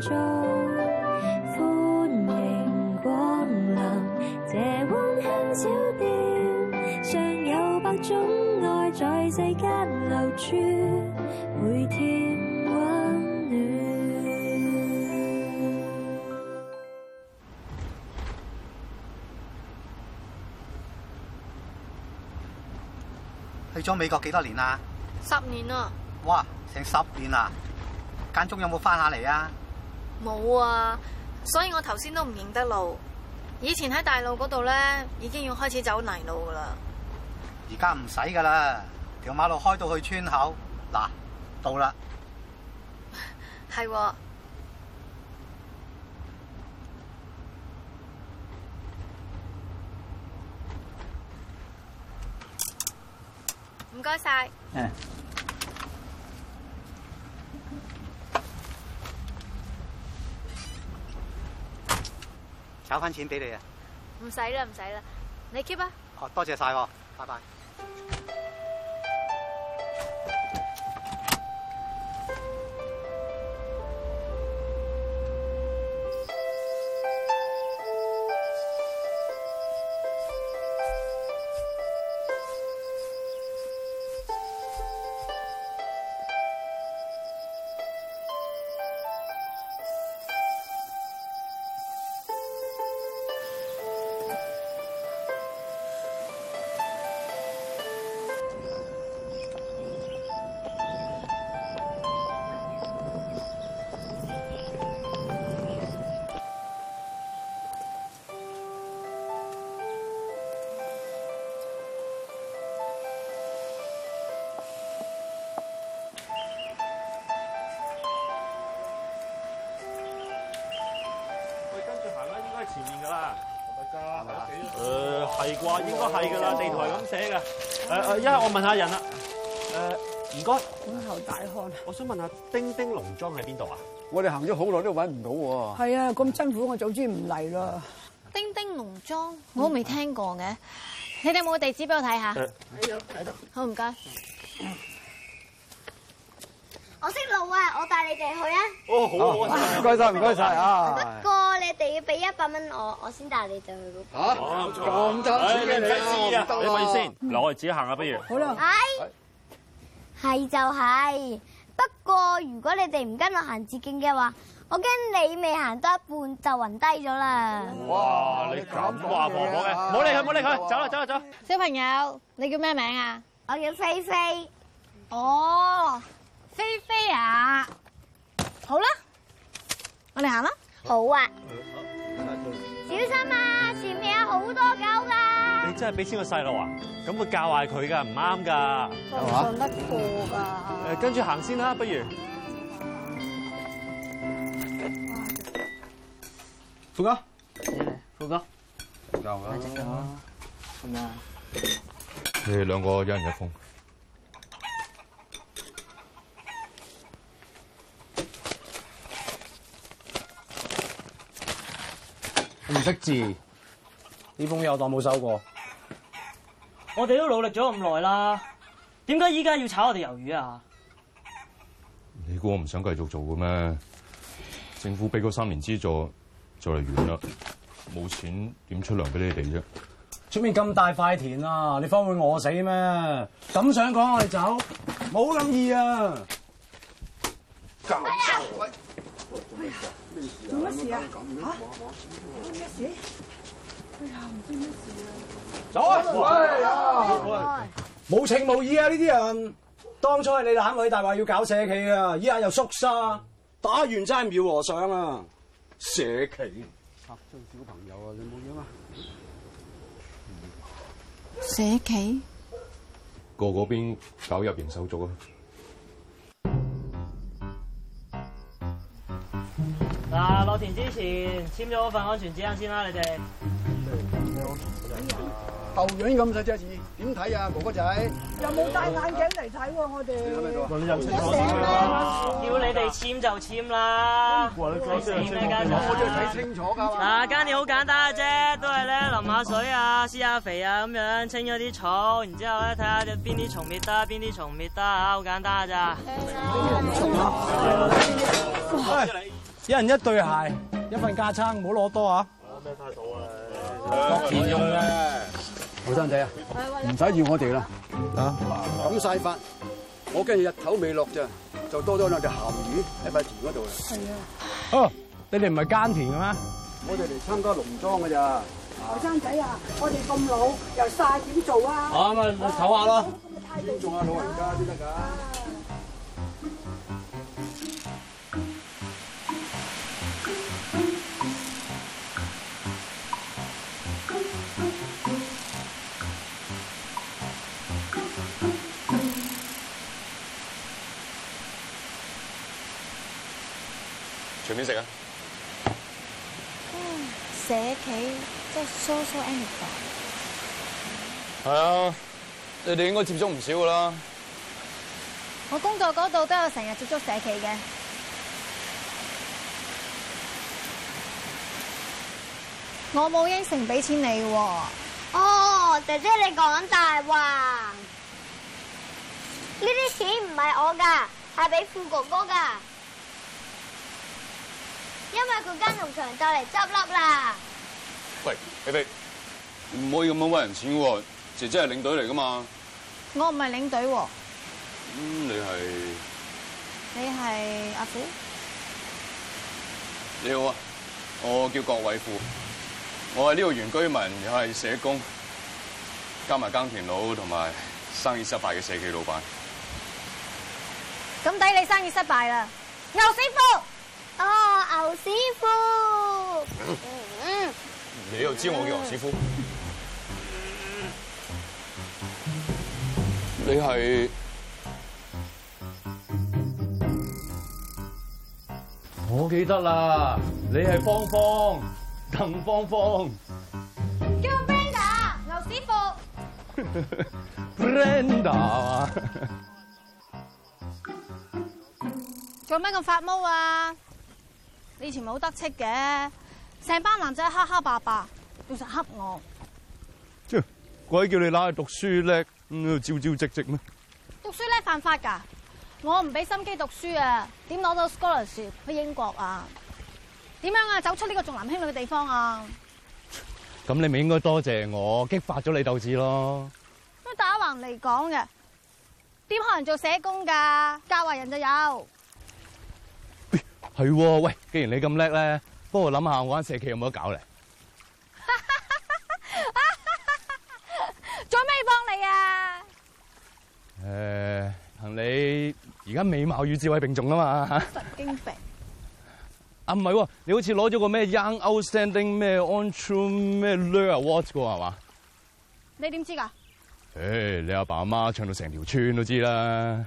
光小在去咗美國幾多年啦？十年啦！哇，成十年啦！間中有冇返下嚟啊？冇啊，所以我頭先都唔認得路。以前喺大路嗰度咧，已經要開始走泥路噶啦。而家唔使噶啦，條馬路開到去村口，嗱，到啦。係。唔該晒。嗯。搞翻錢俾你啊！唔使啦，唔使啦，你 keep 啊！好多謝晒喎，拜拜。誒，係啩，呃？應該係噶啦，地台咁寫嘅。誒、嗯、誒，而家、呃、我問下人啦。誒、呃，唔該。滿頭大汗。我想問下，丁丁農莊喺邊度啊？我哋行咗好耐都搵唔到。係啊，咁辛苦，我早知唔嚟啦。丁丁農莊，我未聽過嘅、嗯。你哋有冇地址俾我睇下？喺度，喺度。好，唔該。我識路啊，我帶你哋去啊。哦，好啊，唔該晒，唔該晒啊。嗯，謝謝謝謝。一百蚊，我我先帶你哋去嗰鋪。吓，咁就唔知你知啊？你咪先，嗱，我哋自己行啊不如。好啦。係係就係，不過如果你哋唔跟我行捷徑嘅話，我驚你未行多一半就暈低咗啦。哇，你咁話婆婆嘅，唔好理佢，唔好理佢，走啦走啦走。小朋友，你叫咩名啊？我叫菲菲。哦，菲菲啊，好啦，我哋行啦。好啊。小心啊！前面有好多狗噶。你真係俾錢個細路啊？咁會教壞佢噶，唔啱噶，信得過噶。誒，跟住行先啦、啊，不如。富哥，富哥，夠啦。係咪你哋兩個一人一封。唔識字，呢封郵我當冇收過。我哋都努力咗咁耐啦，點解依家要炒我哋魷魚啊？你估我唔想繼續做嘅咩？政府俾嗰三年資助就嚟完啦，冇錢點出糧俾你哋啫？出面咁大塊田啊，你方會餓死咩？咁想趕我哋走，冇咁易啊！搞錯！哎呀，做乜事啊？吓、啊，做乜事，啊啊、事？哎呀，唔知乜事啊！走啊！哎呀，冇情冇義啊！呢啲、啊、人當初係你攬位，大話要搞社企啊，依下又縮沙，打完真係廟和尚啊！社企吓，將小朋友啊，你冇嘢嘛？社企過嗰邊搞入營手續啊！嗱，落田之前簽咗份安全指引先啦，你哋。頭癢咁細隻字，點睇啊，哥哥仔？又冇戴眼鏡嚟睇喎，我哋。你又死叫你哋、啊、簽就簽啦、啊啊啊。你死咩、啊？我睇清楚㗎、啊。嘛、啊。耕田好簡單啫，都係咧淋下水啊，施下肥啊，咁樣清咗啲草，然之後咧睇下邊啲蟲滅得、啊，邊啲蟲滅得、啊，好簡單咋。啊啊一人一對鞋，一份加餐，唔好攞多啊！攞咩太多啊，攞錢用嘅。後生仔啊，唔使要我哋啦，啊！咁曬法，我驚日頭未落咋，就多咗兩條鹹魚喺塊田嗰度啦。係啊！哦，你哋唔係耕田嘅咩？我哋嚟參加農莊嘅咋。後生仔啊，我哋咁老又曬，點做啊？啱啊，唞下咯。咁啊，太尊重啊老人家先得㗎。隨便食啊！社企即係 social enterprise。係啊，你哋應該接觸唔少噶啦。我工作嗰度都有成日接觸社企嘅。我冇應承俾錢你喎、哦。哦，姐姐你講大話。呢啲錢唔係我噶，係俾富哥哥噶。.因為佢間農場就嚟執笠啦！喂，A A，唔可以咁樣搵人錢嘅喎，姐姐係領隊嚟噶嘛？我唔係領隊喎。咁你係？你係阿富？你好啊，我叫郭偉富，我係呢度原居民，又係社工，加埋耕田佬同埋生意失敗嘅社企老闆。咁抵你生意失敗啦，牛師傅。哦，牛師傅。嗯嗯，你又知我叫牛師傅，你係？你係，我記得啦，你係芳芳，鄧芳芳。叫 Brenda，牛師傅 。Brenda 啊 ？做咩咁發毛啊？以前冇得戚嘅，成班男仔黑黑白白，成日黑我。切，鬼叫你拉去讀書叻，咁要朝朝夕夕咩？讀書叻犯法噶，我唔俾心機讀書啊，點攞到 scholarship 去英國啊？點樣啊？走出呢個重男輕女嘅地方啊？咁你咪應該多謝我，激發咗你鬥志咯。都打橫嚟講嘅，點可能做社工噶？教壞人就有。係喎、啊，喂！既然你咁叻咧，幫我諗下我間社企有冇得搞咧？做咩幫你啊！誒、呃，憑你而家美貌與智慧並重啦嘛吓、啊！神經病！啊，唔係喎，你好似攞咗個咩 Young Outstanding 咩 On True 咩 Lure Award 個係嘛？你點知噶？誒、hey，你阿爸阿媽唱到成條村都知啦。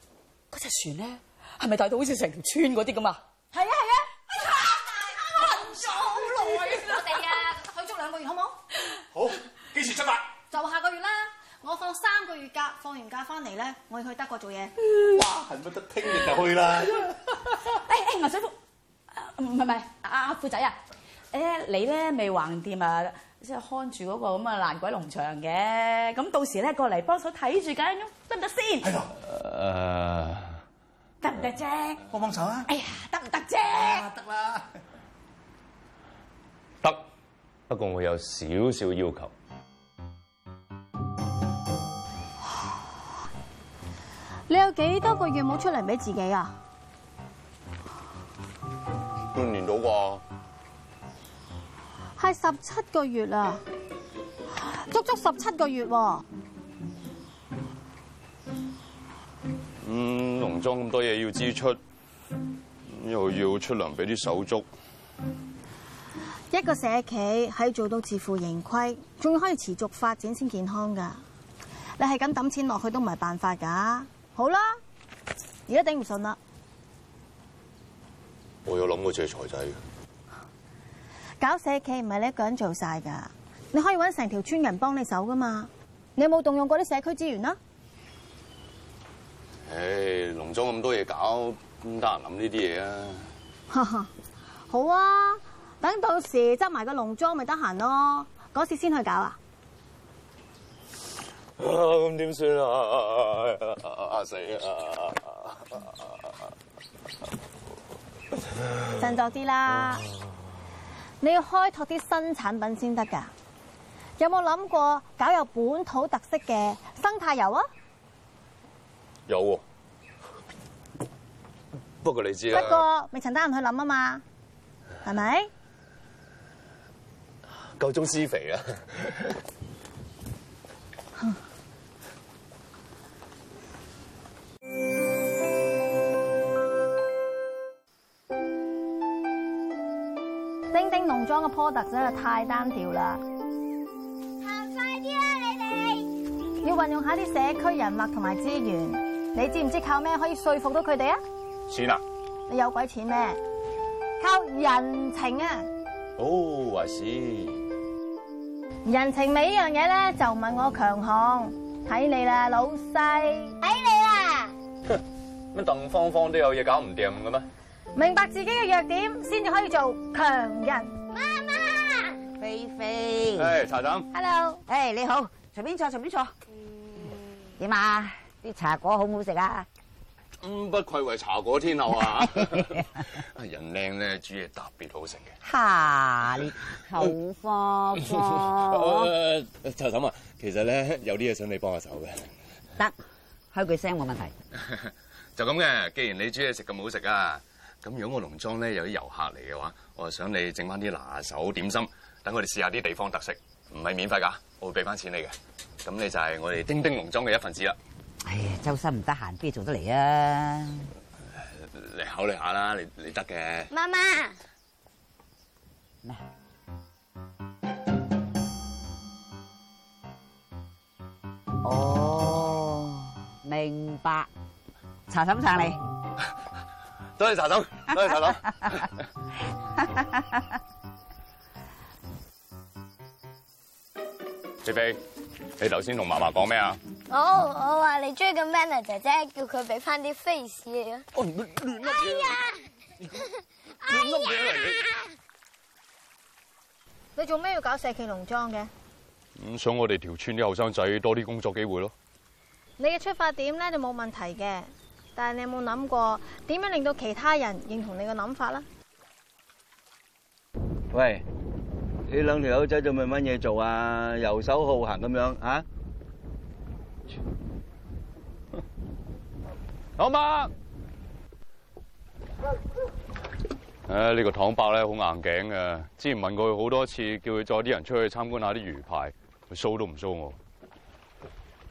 嗰隻船咧，係咪大到好似成條村嗰啲咁啊？係啊係啊，大啦！等咗好耐啦，我哋啊，去、啊、足、啊啊啊啊啊、兩個月好唔好？好，幾時出發？就下個月啦。我放三個月假，放完假翻嚟咧，我要去德國做嘢。哇，係咪得？聽日就去啦、 哎！哎哎，阿水夫，唔係唔係，阿阿、啊、富仔啊，誒你咧未橫掂啊？即係看住嗰個咁啊爛鬼農場嘅，咁到時咧過嚟幫手睇住，緊得唔得先？喺度，得唔得啫？我幫幫手啊！哎呀，得唔得啫？得、啊、啦，得，不過我有少少要求。你有幾多個月冇出嚟俾自己啊？半年到啩。係十七個月啦，足足十七個月啊。嗯，農莊咁多嘢要支出，又要出糧俾啲手足。一個社企喺要做到自負盈虧，仲要可以持續發展先健康噶。你係咁抌錢落去都唔係辦法噶。好啦，而家頂唔順啦。我有諗過借財仔嘅。搞社企唔係你一個人做晒噶，你可以搵成條村人幫你手噶嘛。你有冇動用過啲社區資源啊？唉、哎，農莊咁多嘢搞，邊得閒諗呢啲嘢啊？哈哈，好啊，等到時執埋個農莊咪得閒咯。嗰時先去搞啊？咁點算啊？阿死啊！ 振作啲啦！你要開拓啲新產品先得噶，有冇諗過搞有本土特色嘅生態遊啊？有喎、啊，不過你知啦、啊。不過未陳單人去諗啊嘛，係咪？夠鐘施肥啊！個 project 真係太單調啦！行快啲啦，你哋要運用一下啲社區人脈同埋資源。你知唔知道靠咩可以說服到佢哋啊？算啦！你有鬼錢咩？靠人情啊！哦，還是人情味呢樣嘢咧，就唔係我強項，睇你啦，老細，睇你啦！哼，乜鄧芳芳都有嘢搞唔掂嘅咩？明白自己嘅弱點，先至可以做強人。菲菲，誒、hey,，茶嬸，Hello，誒、hey,，你好，隨便坐，隨便坐，點、mm. 啊？啲茶果好唔好食啊？嗯，不愧為茶果天后啊！ 人靚咧，煮嘢特別好食嘅。吓，好誇張。茶嬸啊，其實咧有啲嘢想你幫下手嘅。得，開句聲冇問題。 就咁嘅，既然你煮嘢食咁好食噶，咁如果我農莊咧有啲遊客嚟嘅話，我就想你整翻啲拿手點心。等我哋試下啲地方特色，唔係免費噶，我會俾翻錢你嘅。咁你就係我哋叮叮農莊嘅一份子啦。哎呀，周生唔得閒邊做得嚟啊？嚟考慮下啦，你你得嘅。媽媽咩？哦，oh, 明白。茶嬸， 茶你。多謝茶嫂，多謝茶嫂。菲菲，你頭先同嫲嫲講咩啊？好，oh，我話你鍾意個 Maner 姐姐，叫佢俾翻啲飛士。哎呀！哎呀！麼麼你做咩要搞社企農莊嘅？唔想我哋條村啲後生仔多啲工作機會咯。你嘅出發點咧，你冇問題嘅，但係你有冇諗過點樣令到其他人認同你嘅諗法啦？喂。你兩條友仔做咩乜嘢做啊？遊手好閒咁樣啊？唐伯，唉，呢個唐伯咧好硬頸嘅，之前問過佢好多次，叫佢載啲人出去參觀下啲魚排，佢蘇都唔蘇我。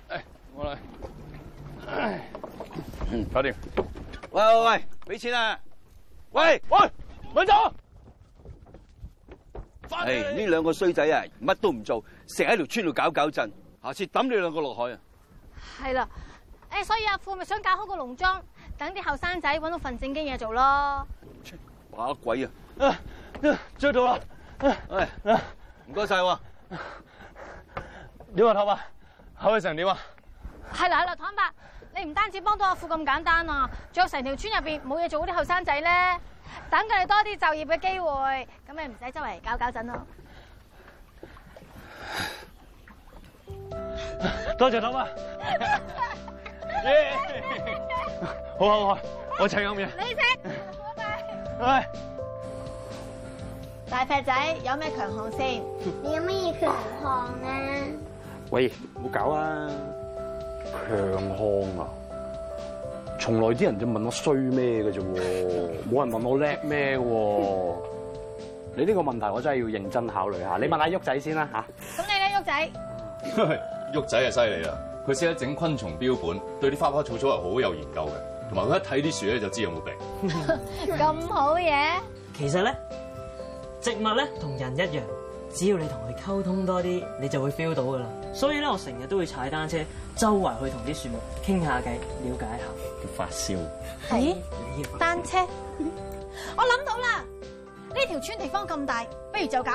誒，我嚟，嗯，搞掂。喂喂喂，俾錢啊！喂喂，咪走。唉，哎，呢兩個衰仔啊，乜都唔做，成日喺條村度搞搞震，下次抌你兩個落海啊！係啦，誒，所以阿富咪想搞好個農莊，等啲後生仔搵到份正經嘢做咯。扯鬼啊，啊，啊！追到啦！係啊，唔該晒喎。點啊，阿、哎啊啊啊，伯，阿偉成點啊？係啦係啦，坦白，你唔單止幫到阿富咁簡單啊，仲有成條村入邊冇嘢做嗰啲後生仔咧。等佢哋多啲就業嘅機會，咁你唔使周圍搞搞震咯。多謝老媽，好好好，我請噉樣。你請。好，拜拜。大肥仔，有咩強項先？你有咩強項啊？喂，唔好搞啊，強項啊！從來啲人就問我衰咩嘅啫，冇人問我叻咩嘅。你呢個問題我真係要認真考慮下。你問下旭仔先啦，吓。咁你咧，旭仔？旭 仔啊，犀利啦！佢識得整昆蟲標本，對啲花花草草係好有研究嘅。同埋佢一睇啲樹咧，就知有冇病。咁 好嘢。其實咧，植物咧同人一樣。只要你同佢溝通多啲，你就會 feel 到噶啦。所以咧，我成日都會踩單車，周圍去同啲樹木傾下偈，了解一下。叫發燒？係、哎。 單車？ 我諗到啦！呢條村地方咁大，不如就搞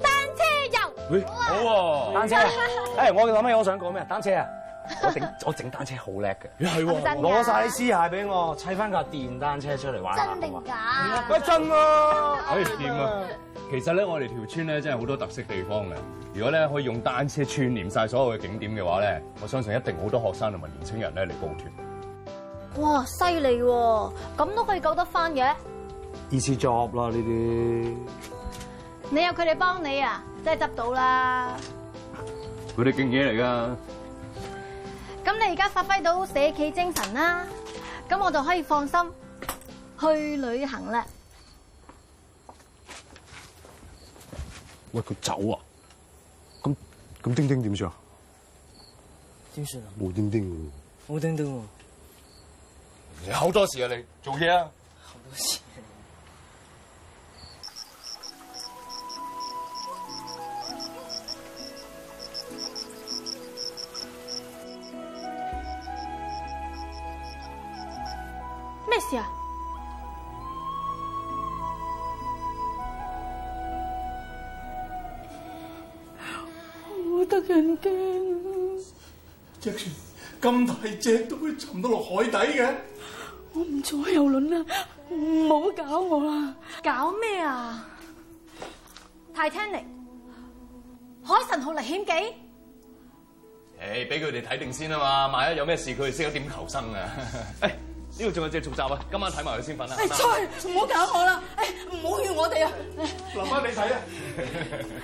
單車遊。喂、哎，好啊！單車。誒、 哎，我諗起我想講咩啊？單車， 單車、哎、啊！我整我整單車好叻嘅。咦係喎，攞晒啲屍骸俾我，砌翻架電單車出嚟玩。真定假？喂真喎。誒、哎、掂啊！ 其實咧，我哋條村咧真係好多特色地方嘅。如果咧可以用單車串連曬所有嘅景點嘅話咧，我相信一定好多學生同埋年輕人咧嚟報團。哇，犀利喎！咁都可以救得翻嘅？Easy job 啦呢啲。你有佢哋幫你啊，真係執到啦。佢哋勁嘢嚟噶。咁你而家發揮到社企精神啦，咁我就可以放心去旅行啦。喂，佢走啊？咁咁丁丁點算啊？點算啊？冇丁丁喎。冇丁丁喎。你好多事啊！你做嘢啊！好多事。咩事啊？咁大隻都會沉到落海底嘅，我唔坐遊輪啦，唔好搞我啦，搞咩啊？Titanic，海神號歷險記，誒，俾佢哋睇定先啊嘛，萬一有咩事，佢哋識得點求生啊？誒。呢度仲有隻續集啊！今晚睇埋佢先瞓啦。哎，再唔好搞我啦！哎，唔好怨我哋啊！唉，留返你睇啊！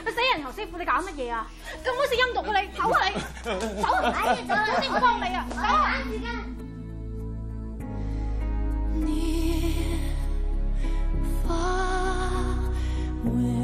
你死人頭師傅，你搞乜嘢啊？咁好似陰毒嘅你，走啊你！走！我唔幫你啊！走！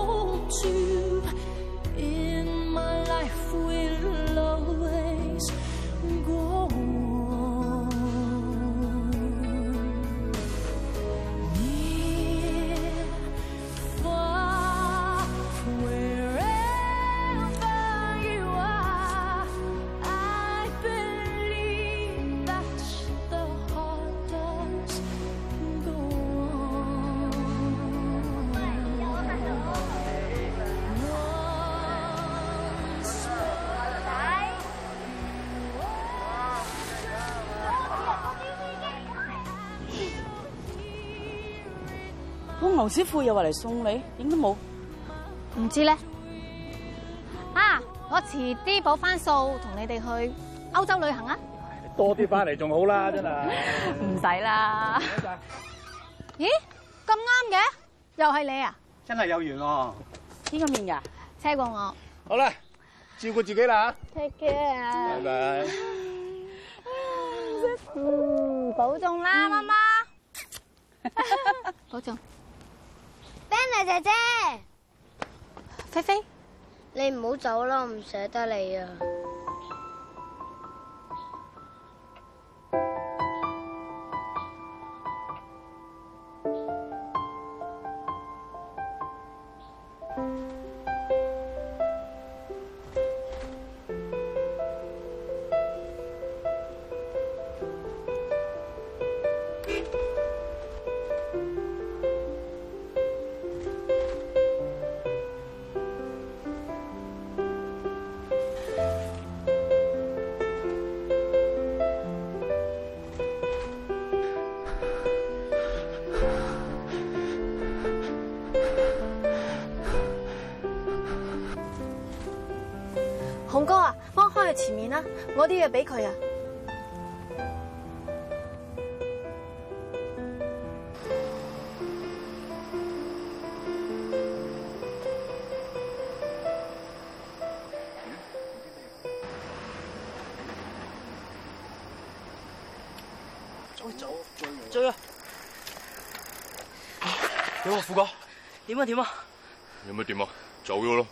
去。公牛師傅又話嚟送你，點都冇，唔知咧。啊！我遲啲補翻數，同你哋去歐洲旅行啊！多啲翻嚟仲好啦，真係。唔使啦。咦？咁啱嘅，又係你啊！真係有緣哦。呢個面噶，車過我。好啦，照顧自己啦。Take care。拜拜。嗯，保重啦，媽媽。保重。Brenda 姐姐，菲菲，你唔好走啦，我唔捨得你啊！洪哥啊，幫開佢前面啦，攞啲嘢俾佢啊。走咗，走啊！俾我！富哥？點啊點啊？有乜點啊？走咗咯。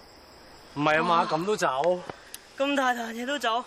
唔係啊嘛，咁都走？咁大壇嘢都走。